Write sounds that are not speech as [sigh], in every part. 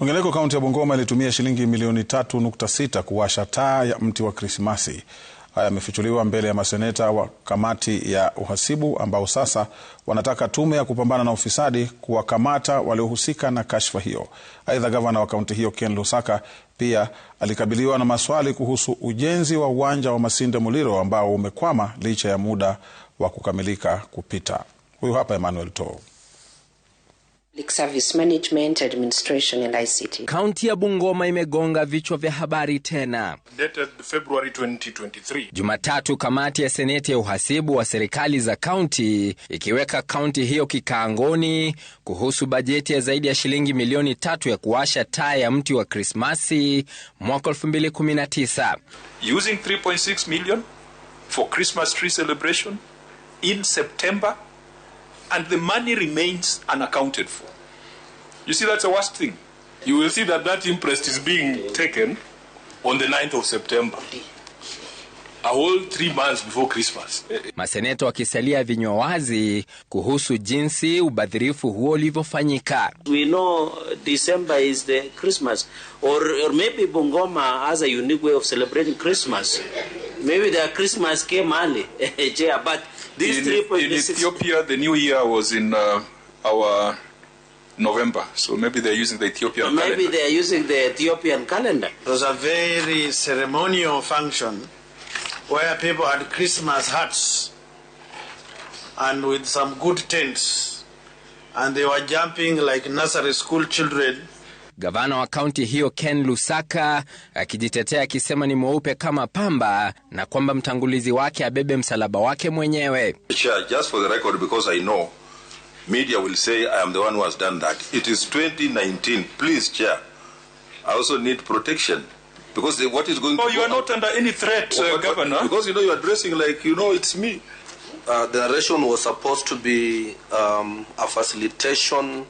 Kwingineko, kaunti ya Bungoma ilitumia shilingi milioni 3.6 kuwasha taa ya mti wa Krismasi. Haya yamefichuliwa mbele ya maseneta wa kamati ya uhasibu ambao sasa wanataka tume ya kupambana na ufisadi kuwakamata waliohusika na kashfa hiyo. Aidha, gavana wa kaunti hiyo Ken Lusaka pia alikabiliwa na maswali kuhusu ujenzi wa uwanja wa Masinde Muliro ambao umekwama licha ya muda wa kukamilika kupita. Huyu hapa Emmanuel Too service management, administration and ICT. Kaunti ya Bungoma imegonga vichwa vya habari tena. Dated February 2023. Jumatatu, kamati ya seneti ya uhasibu wa serikali za kaunti ikiweka kaunti hiyo kikaangoni kuhusu bajeti ya zaidi ya shilingi milioni tatu ya kuwasha taa ya mti wa Krismasi mwaka 2019. Using 3.6 million for Christmas tree celebration in September and the money remains unaccounted for. You see, that's the worst thing. You will see that that imprest is being taken on the 9th of September. A whole three months before Christmas. Maseneta wakisalia vinywa wazi kuhusu jinsi ubadhirifu huo ulivyofanyika. We know December is the Christmas or, or maybe Bungoma has a unique way of celebrating Christmas. Maybe their Christmas came early. [laughs] yeah, but these in, 3.6 in Ethiopia the new year was in uh, our November. So maybe they're using the Ethiopian maybe calendar. Maybe they're using the Ethiopian calendar. It was a very ceremonial function where people had Christmas hats and with some good tents and they were jumping like nursery school children. Gavana wa kaunti hiyo Ken Lusaka akijitetea akisema ni mweupe kama pamba na kwamba mtangulizi wake abebe msalaba wake mwenyewe. Just for the record because I know media will say I am the one who has done that. It is 2019. Please, Chair, I also need protection. Because what is going oh, to you are not under any threat, oh, uh, what, Governor. Because, you know, you are dressing like, you know, it's me. Uh, the narration was supposed to be um, a facilitation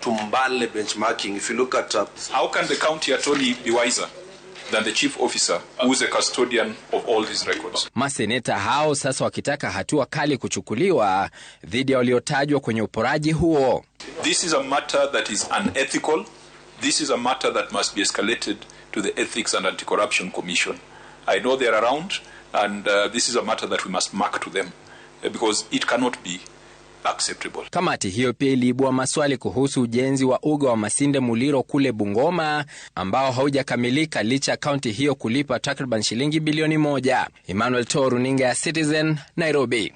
to Mbale benchmarking. If you look at... Uh, How can the county attorney be wiser? than the chief officer who is a custodian of all these records. Maseneta hao sasa wakitaka hatua kali kuchukuliwa dhidi ya waliotajwa kwenye uporaji huo. This is a matter that is unethical. This is a matter that must be escalated to the Ethics and Anti-Corruption Commission. I know they are around and uh, this is a matter that we must mark to them uh, because it cannot be acceptable. Kamati hiyo pia iliibua maswali kuhusu ujenzi wa uga wa Masinde Muliro kule Bungoma ambao haujakamilika licha ya kaunti hiyo kulipa takriban shilingi bilioni moja. Emmanuel runinga ya Citizen, Nairobi.